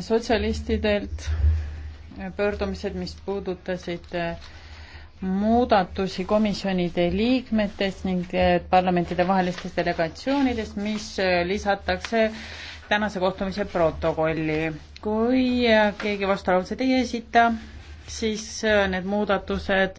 sotsialistidelt pöördumised, mis puudutasid eh, muudatusi komisjonide liikmetes ning eh, parlamentidevahelistes delegatsioonides, mis eh, lisatakse tänase kohtumise protokolli. kui keegi vastulauset ei esita, siis need muudatused